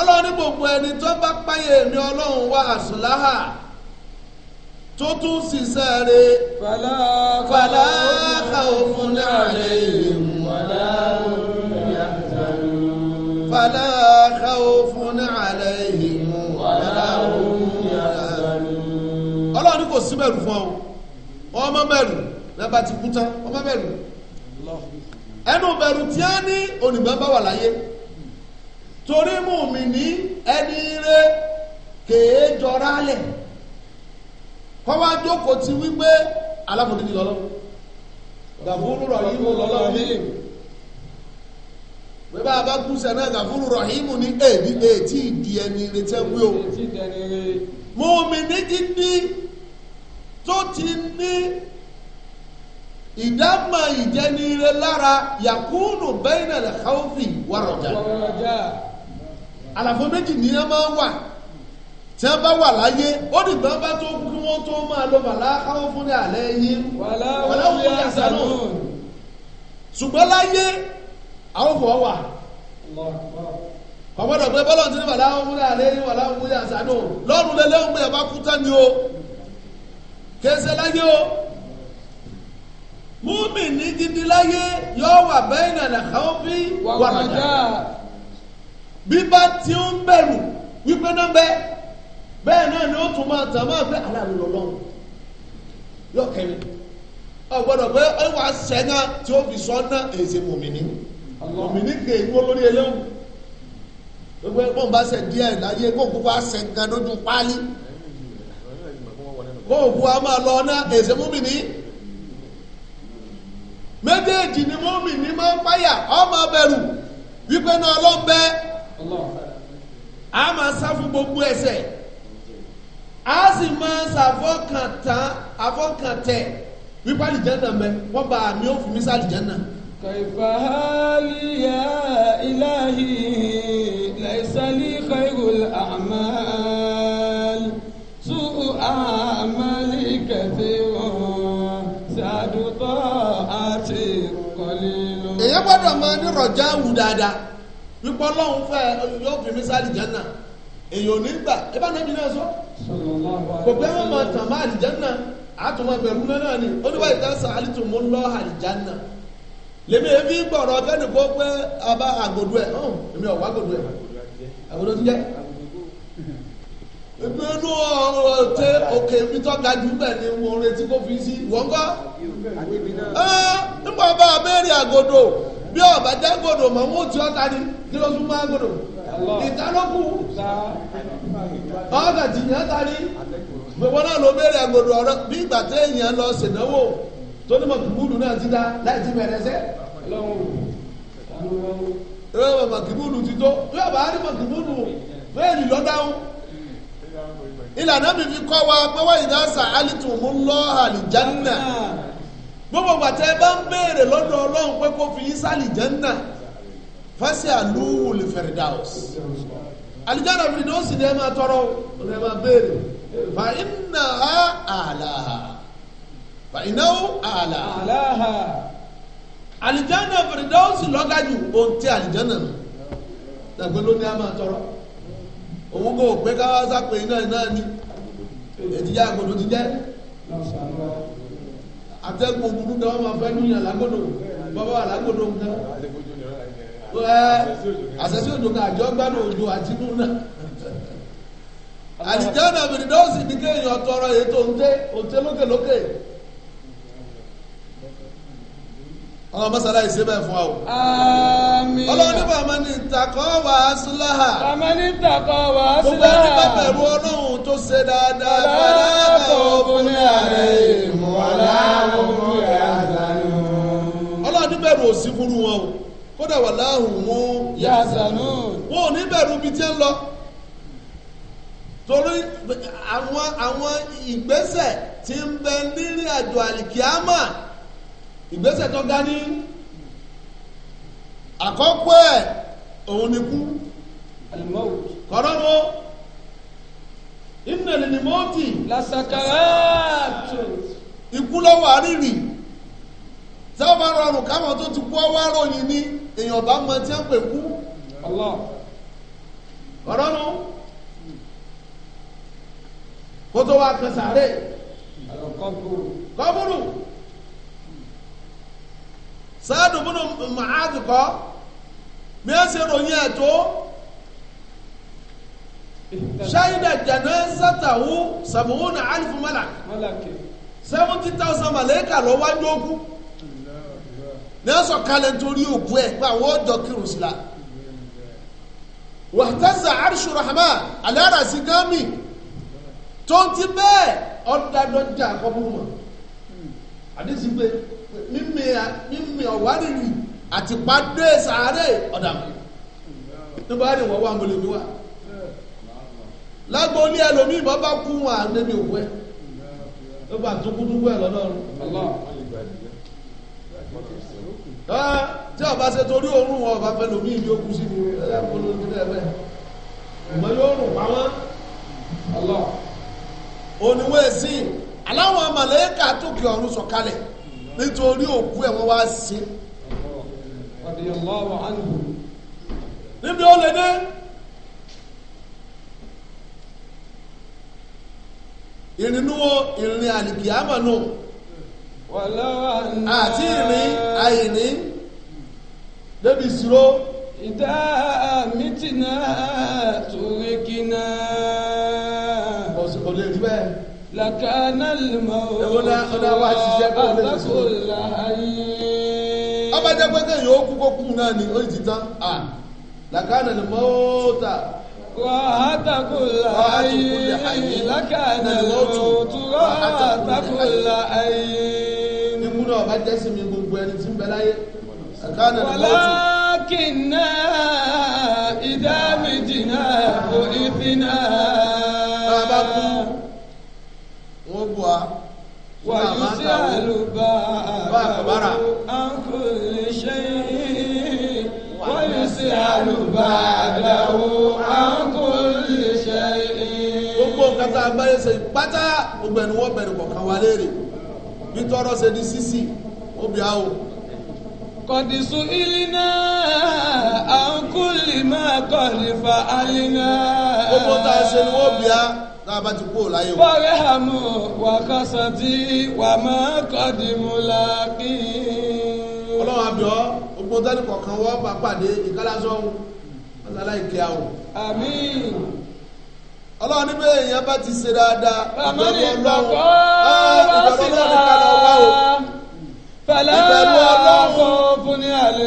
ọlọ́run ní gbogbo ẹni tó bá páyé èmi ọlọ́run wa asulaha tó tún ṣiṣẹ́ rẹ̀. fàlà fàlà khawfun alayhim wala hum yahzanun. fàlà khawfun alayhim wala hum yahzanun. ọlọ́run kò síbẹ̀rù fún ọ ọmọ bẹ̀rù nígbà tí kú tán ọmọ bẹ̀rù ẹnu bẹ̀rù tí a ní onígbọ́n bá wà láyé torí mùmíní ẹni rẹ kèé jọra lẹ̀ kọ́ wá jókòó ti wípé alámòdìdì lọ́lọ́ gàfúrú rọ̀hìmù lọ́lọ́ ní pé bá a bá kú sẹ́nà gàfúrú rọ̀hìmù ní èdè tí ìdí ẹni rẹ tẹ́ wí o mùmíní gidi tó ti ní ìdámà ìjẹniire lára yakunu bainal khawfi wàrọ̀jà àlàfo méjì ní ẹ máa wà tí wọ́n bá wà láyé ó ní gbọ́n bá tó kú wọ́n tó máa lọ bàlá káwọ́ fún ní alẹ́ yìí wàlá òkú yàtọ̀ náà ṣùgbọ́n láyé àwọn fò wà kọ̀mọ́dọ̀ pé bọ́lọ̀ tí ní bàlá káwọ́ fún ní alẹ́ yìí wàlá òkú yàtọ̀ náà lọ́rùn lẹ́lẹ́ kése láyé o múmi ní gidi láyé yọ wà bẹ́ẹ̀ nàlẹ́ káwọn bí wàhálà bí ti ń bẹ̀rù wípé náà bẹ́ẹ̀ bẹ́ẹ̀ náà ni ó tún máa tàn máa fẹ́ aláàlú lọ́lọ́run yọ kẹrin ọgbọ́dọ̀ pé ẹwà sẹ́gá tí ó fi sọ ná èsì mòmìnì mòmìnì kè é wọ́n lórí eléwù gbogbo ẹgbọ́n bá sẹ̀ díẹ̀ ko kó kókó àṣẹ gan lójú páálí kó wa máa lọ ọ́nà èsè múmìnì méjèèjì ni múmìnì máa ń páyà ọmọ bẹ̀rù wípé náà ọlọ́ọ̀bẹ a máa sá fún gbogbo ẹ̀ṣẹ̀ a sì máa ṣàfọkàntán àfọkàntẹ̀ wípé àlìjẹ́nà mẹ wọ́n bá àmì òfin mi sàlìjẹ́nà. kàìfà hàlìyà ìlàhì lẹ́sàlì. n'a gbọ́dọ̀ máa ní rọ̀jà wù dáadáa wípé ọlọ́run fẹ́ yóò fi mí sáà àlìjánà èèyàn ò ní gbà ẹ bá nàbí náà sọ kò pé máa tàn má àlìjánà náà ni oníwà ìta sàálì tó mú lọ́ àlìjánà lèmi èmi gbọ̀rọ̀ kẹ́nìkó pé ọba àgòdù ẹ̀ ọ̀hún èmi ọ̀wá àgòdù ẹ̀ àgòdù ìmẹ́nu ọ̀rọ̀ tẹ òkè mi tọ́ ga jù bẹ́ẹ̀ ni mo retí kó fi sí ìwọ́n kọ́. nípa bá a béèrè àgọ́dọ̀ bí ọba jẹ́ àgọ́dọ̀ mọ̀ wọ́n ti ọ́ta ni kí ló tún mọ́ àgọ́dọ̀ ìtàlọ́kù ọ̀gá tìyàn ta ni gbogbo náà ló béèrè àgọ́dọ̀ ọ̀rọ̀ bí ìgbà tẹ èèyàn lọ ṣèdánwò tó ní mọ̀kìbúlù náà ti da láì ti bẹ̀rẹ̀ sẹ́ ẹ mọ̀kìbúlù ti tó bí ọba á ní mọ̀kìbúlù bẹ́ẹ̀ ni lọ́dáhùn ìlànà mi fi kọ́ wa pé wọ́n ìdá sàálìtù mú lọ́ àlìjánà gbogbo gbàtẹ́ bá ń béèrè lọ́dọ̀ ọlọ́run pé kó fi yín sàlìjánà fásì àlùwù lè fẹ̀rẹ̀ dáwọ̀s àlìjánà fìdíwọ́sì ni ẹ máa tọrọ ẹ máa béèrè fa iná ha fa iná ó àlàhà àlìjánà fìdíwọ́sì lọ́gájù ohun tí àlìjánà nàgbẹ́ ló ní a máa tọrọ. òun kò pé káwá sápè náà náà ni ètìjà àgòdò ti atẹ́gùn òkúrú wọ́n máa fẹ́ ní ìyàn lágòdò bàbá wà lágòdò nǹkan àṣẹṣẹ́ òjò àjọ gbádùn òjò àti inú náà náà bìrì dọ́ọ̀sì kéèyàn tọrọ ètò ọlọ́run mọ́sálá yìí sébẹ̀ fún wa o. àmín. ọlọ́run ní bàmá ní ìtàkọ́ wà á síláhà. bàmá ní ìtàkọ́ wà á síláhà. gbogbo ẹni bá bẹ̀rù ọlọ́run tó ṣe dáadáa. bàbá òfin ní àárẹ̀ ìmọ̀ aláwọ̀ rẹ̀ àdánù. ọlọ́run ní bẹ̀rù òsì burú wọn o kódà wà láhùn wọn. yàtànù. wọn ò ní bẹ̀rù ibi tí ń lọ. torí àwọn àwọn ìgbésẹ̀ tí ń bẹ nílẹ̀ àjò àlìkíámà ìgbésẹ̀ tó ga ní àkọ́kọ́ ẹ̀ òun ni kú kọ́rọ́rọ́ ìnà lèlè mọ́tì lásàkàràtò ikú lọ́wọ́ àrírì tí wọ́n bá rọrùn káwọn tó ti kú ọwọ́ ròyìn ní èèyàn bá mọ tí wọ́n pè kú kọ́rọ́rọ́ kó tó wá kan sàárè kọ́bùrù sáàdù múnú màádù kọ́ mìíràn ròyìn ẹ̀tọ́ ṣáyidà jẹ̀nẹ́sàtàwù sàmùhùnà alifu malak seventy thousand malayika lọ wájú ogun ní ọ̀sọ̀ kalẹ̀ nítorí òkú ẹ̀ pé àwọn ọjọ́ kírun sí la wàtẹ́sà arṣu rahman alára sí gami tó ń ti bẹ́ẹ̀ ọ̀dàdọ́jà kọ́bùrùmọ̀ àdéhùn sí mímì ọ̀wárìrì àti pàdé sàárè ọ̀dàmù tó bá rìn wọ́n wà mo lè ní wà lágbo ní ẹlòmíì bá bá kú wọn àdébí òwú ẹ ló bá tó kú dúpẹ́ lọ́dọ̀ọ́rùn tí ọba ṣe torí òórùn wọn ọba fẹlẹ omi ìjó kú sí ni ẹlẹ́kọ̀ọ́ ti dẹ̀ bẹ́ẹ̀ ìmọ̀ yóò rùn pa wọ́n òníwèé sí aláwọn màlẹ́kà tókè ọ̀run sọ̀kalẹ̀ nítorí òkú ẹ̀ wọ́n wá sí níbi ó lè dé ìrìnnúwó ìrìn àlìkìyàmà náà àti ìrìn àìní débi ìṣirò ìdá mítínà tó rí kí náà ọ̀sẹ̀ kò lè rí bẹ́ẹ̀ lakana lmọ. èwo náà ọ̀nà wa ṣiṣẹ́ kó lè lè sọ. ọba jẹ́ pé kéèyàn ó kú kó kú náà ni ó ti tán à lakana lmọ ta. rọ̀hátà kò láàyè lakana lmọ tu rọ̀hátà kò láàyè. ikú náà bá jẹ́ sinmi gbogbo ẹni tí ń bẹ láyé lakana lmọ tu. wàlákìnnà ìdá méjì náà kò ìfínà. ويسأل بابا عن كل شيء ويسأل بعده عن كل شيء gbogbo nǹkan tá a bá yẹ ṣe pátá gbogbo ẹni wọ́n bẹ̀rù kọ̀ọ̀kan wa léèrè bí tọrọ ṣe di sísì o. kọ̀dísù ìlínà àǹkúlì fa àlínà. gbogbo tá a ṣe ni wọ́n bì tábà ti kúrò láyé o. wọ́rẹ́ àmọ́ wàkàsàtì wà máa kọ́dìmú làákì. ọlọ́run àbíọ́ ogun tẹ́lẹ̀ kọ̀ọ̀kan wọ́n bá pàdé ìkálásọ́ ọ̀sálà ìkẹ́ àwọn. àmín. ọlọ́run ní bẹ́ẹ̀ èèyàn bá ti ṣe dáadáa. bàmí ìgbàgbọ́ bá sì dáa fẹlẹ́ àtàkùn fún ní àlè.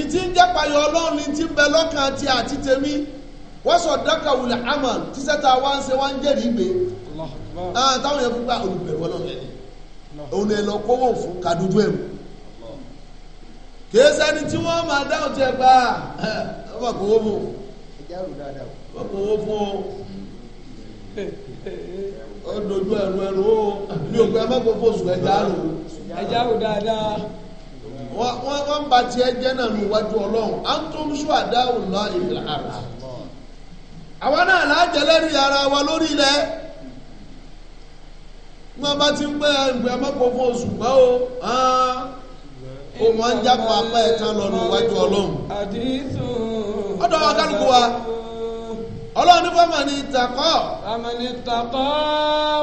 ìtí ń jẹ́pàyọ̀ ọlọ́run ní ti ń bẹ lọ́kàn ti àti tèmi wọ́n sọ dákà wùlẹ̀ àmà tíṣẹ́ ta wá ń ṣe wá ń jẹ́rìí ìgbé ah, táwọn yẹn ka olùbẹ̀rù ọlọ́run lẹ́nu òun wọ́n ń ba tiẹ̀ jẹ́ náà nù wájú ọlọ́run à ń tó ń ṣú àdáhùn lọ ìlà àrà àwa náà lájẹlẹ́rìí ara wa lórí ilẹ̀ wọ́n bá ti ń pẹ́ ìgbẹ́ mọ́kò fún oṣù gbọ́ o òun á ń jápọ̀ apá ẹ̀ kan lọ nù wájú ọlọ́run. ọ̀dọ̀ wa kálukú wa ọlọ́run ní fọ́mọ̀ ní ìtàkọ́. fọ́mọ̀ ní ìtàkọ́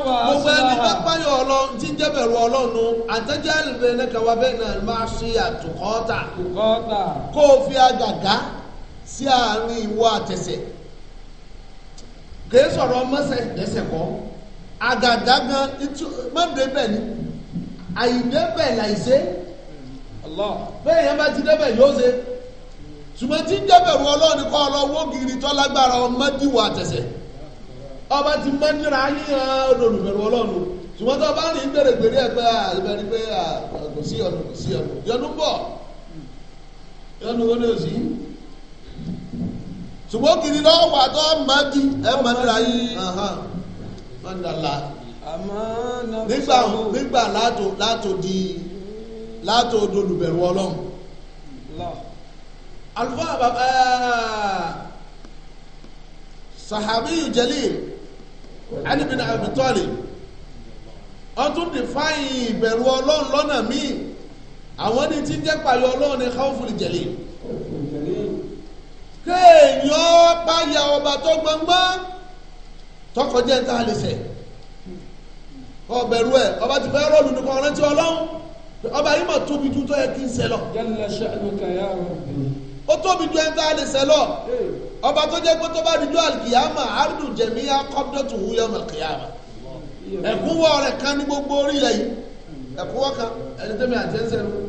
wà á sọ. gbogbo ẹni bá páyọ̀ ọlọ́run tí ń jẹ́bẹ̀rù ọlọ́run àtẹ́jẹ́ àlùbẹ̀ nẹ́kẹ̀wá bẹ́ẹ̀ náà máa ṣe àtùkọ́ta. àtùkọ́ta. kó o fi àgàgá sí àárín ìwọ àtẹ̀sẹ̀. kèé sọ̀rọ̀ mọ́sẹ̀ dẹ́sẹ̀ kọ́. àgàgá gan mọ́ndébẹ̀ ni àyídébẹ̀ làyíṣe. bẹ́ẹ̀ yẹn bá ti débẹ̀ yóò ṣe ṣùgbọ́n tí ń jẹ́bẹ̀rù ọlọ́ọ̀ni kọ́ ọlọ́wọ́ gírí tó lágbára ọmọ dìwọ̀ àtẹ̀sẹ̀ ọba ti mọ́ níra yíyan olùbẹ̀rù ọlọ́ọ̀ni ṣùgbọ́n tó bá rìn gbèrègbèrè ẹgbẹ́ àìbẹ̀rù pé kò sí ọ̀nà kò sí ọ̀nà yọnu bọ̀ yọnu wọn ní òsì ṣùgbọ́n gírí lọ́wọ́ wà tó mọ́ di ẹ mọ́ níra yíyan mọ́ndàlá nígbà látò di látò olùbẹ̀rù ọlọ́run الباب bàbá صحابي jalil علي بن Abi طالب wọ́n tún define ìbẹ̀rù ọlọ́run lọ́nà míì àwọn ní ti jẹ́ pàyọ ọlọ́run ní khawful jalil kéèyàn báyà ọba tó gbọ́ngbọ́n tọkọjẹ́ ta lè sẹ̀ ọbẹ̀rù ẹ̀ ọba ti fẹ́ rọ́ọ̀lù nìkan ọ̀rántí ọlọ́run ọba yìí mà tóbi tó yẹ kí n sẹ lọ ó tóbi ju ẹnta lè sẹ lọ ọba tó jẹ pé tó bá di ju alikiyama ardu jẹmiya kọbdọtù wúyọmọ kiyama ẹkúnwọ rẹ kan ní gbogbo orí rẹ yìí ẹkúnwọ kan ẹni tẹmí àti ẹsẹ rẹ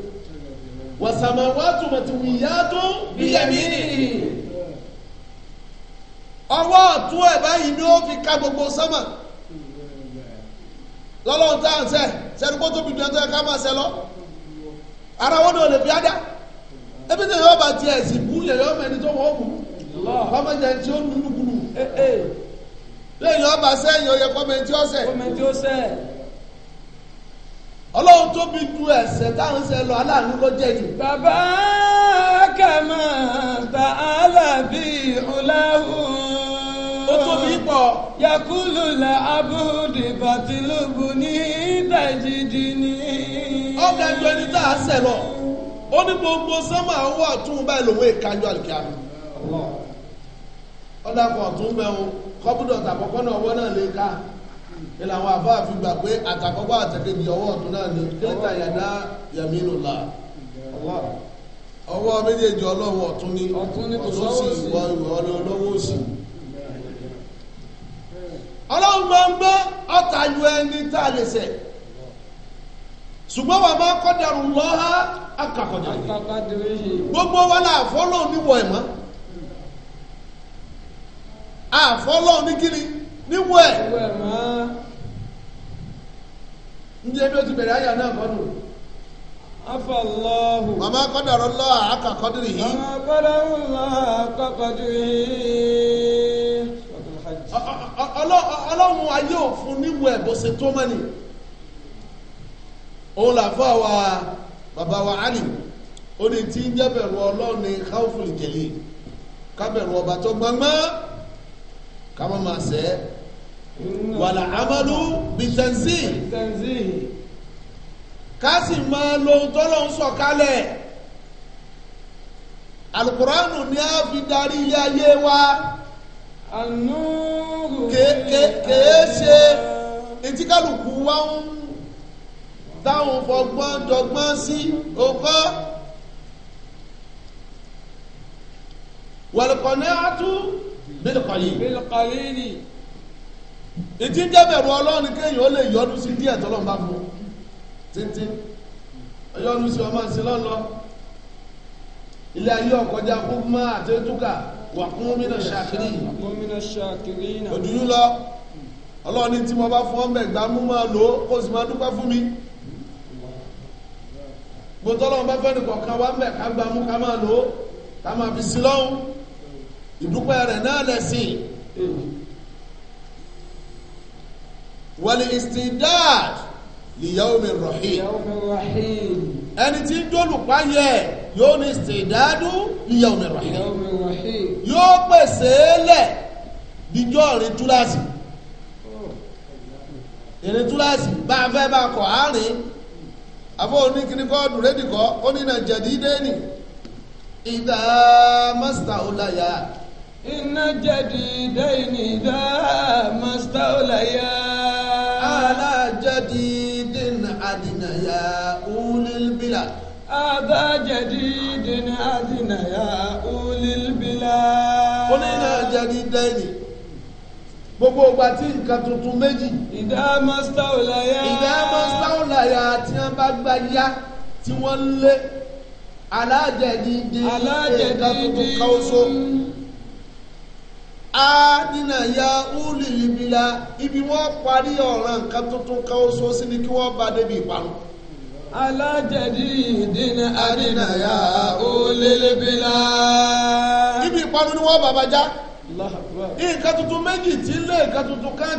wasamawatu matuwiyatu biyamini ọwọ́ ọ̀tún ẹ̀ báyìí ni ó fi ka gbogbo sọ́mà lọ́lọ́run tá sẹ́dúkọ́ tóbi ju ẹnta ká lọ ara wọn ni ò fi á dá ebi tí yọ bá tiẹ̀ sì bú lè yọ mẹ́ni tó wọ́n mú kọ́mẹ́jẹ tí ó lulú gbulu lẹ́yìn yọ bá sẹ́yìn oyè kọ́mẹ́ntì ọ̀sẹ̀ kọ́mẹ́ntì ọ̀sẹ̀ ọlọ́run tóbi ju ẹ̀ṣẹ̀ táwọn ṣe lọ aláàánú ló jẹ́ jù. bàbá kàmá ta alábì ọláhùn. ó tóbi pọ̀. yakulu la abudi batilubu ní ìdajì dì ní. ó kẹjọ ní tá a ṣẹ lọ. ó ní gbogbo sánmà owó ọ̀tún báyìí lòun èkájú àlùkìyàmù ọ̀dàpọ̀ ọ̀tún bẹ́ẹ̀ o tàkọ́kọ́ náà ọwọ́ náà lè ká ilà àwọn afọ àfi gbà pé àtàkọ́kọ́ àtẹ̀kẹ́bí ọwọ́ ọ̀tún náà ni dẹ́ta yàdá yàmínú là ọwọ́ méjèèjì ọlọ́run ọ̀tún ní ọ̀tún sí ìwọ ìwọ ọlọ́wọ́ òsì ọlọ́run gbọ́ngbọ́n ọ̀tà yọ ẹni tá a lè sẹ̀ ṣùgbọ́n wà máa ha lọ́ha gbogbo wa la àfọ́lọ́ níwọ̀ ẹ̀ mọ́ àfọ́lọ́ ní kíni níwọ̀ ẹ̀ o ti bẹ̀rẹ̀ àyà náà kọ́dù. afọlọ́hù. wà máa kọ́dàrú lọ́ha yìí. wà máa kọ́dàrú yìí. ni. òun làfà wa bàbá wa ali ó ní tí ń jẹ́ bẹ̀rù ọlọ́run ní káwọ́fùlì jẹ̀lì kábẹ̀rù ọba tó gbangba ká má máa sẹ́ wàlà amadu bitanzi ká sì máa lo tọ́lọ́ ń sọ kálẹ̀ alukuraanu ni a fi darí ilé ayé wa kéé ṣe etíkàlùkù wa ń táwọn fọgbọ́n dọgbọ́n sí okọ́ wàlùkọ̀ní àtú bílùkọ̀lì. bílùkọ̀lì ni. ìdí jẹ́bẹ̀rù ọlọ́run kéèyàn ó lè yọnu sí díẹ̀ tọ́lọ́ bá fún títí yọnu sí ọmọ sí lọ́nà ilé ayé ọ̀kọ́jà kúmọ́ àti ètùkà wà kún mínà ṣàkiri. kún mínà ṣàkiri náà. òdùnú lọ ọlọ́run tí mo bá fún ọmọ ẹ̀gbá mú máa lò ó kó o sì máa dúpẹ́ fún mi gbọ́tọ́lọ́ bá fẹ́ nìkan kan wá mẹ́ ká gbámú ká máa lò ó ká máa fi sí lọ́hùn ìdúpẹ́ rẹ̀ náà lẹ́sìn wal istidad li yawmi rahim ẹni tí ń jólùpáyẹ yóò ní istidadu li yawmi rahim yóò pèsè lẹ̀ díjọ́ rẹ̀ túláàsì èrè oh. túláàsì bá a fẹ́ bá a kọ̀ àárín àbọ̀ oníkiri kọ́ọ̀dù rédì kọ́ ó ní nà jẹ̀dí déènì ìdá mọ́sítà ọ̀làyà. iná jẹ̀dí déènì ìdá jadi ọ̀làyà. adina ya ulil àdìnàyà ada jadi jẹ̀dí adina ya ulil ó ní na jadi déènì gbogbo ìgbà tí nǹkan tuntun méjì. ìdá mọ́sítáwòláyà. ìdá mọ́sítáwòláyà tí wọ́n bá gbá yá tí wọ́n ń lé alájẹ̀díje nǹkan tuntun kan oṣù. a nínà ya ulilibila ibi wọ́n parí ọ̀ràn nǹkan tuntun kan oṣù sí ni kí wọ́n bá débi ìparun alájẹ̀dídín àdínàyà ó lélébílá. ibi ìpanu ni wọ́n bàbá já nǹkan tuntun méjì tí lé nǹkan tuntun kan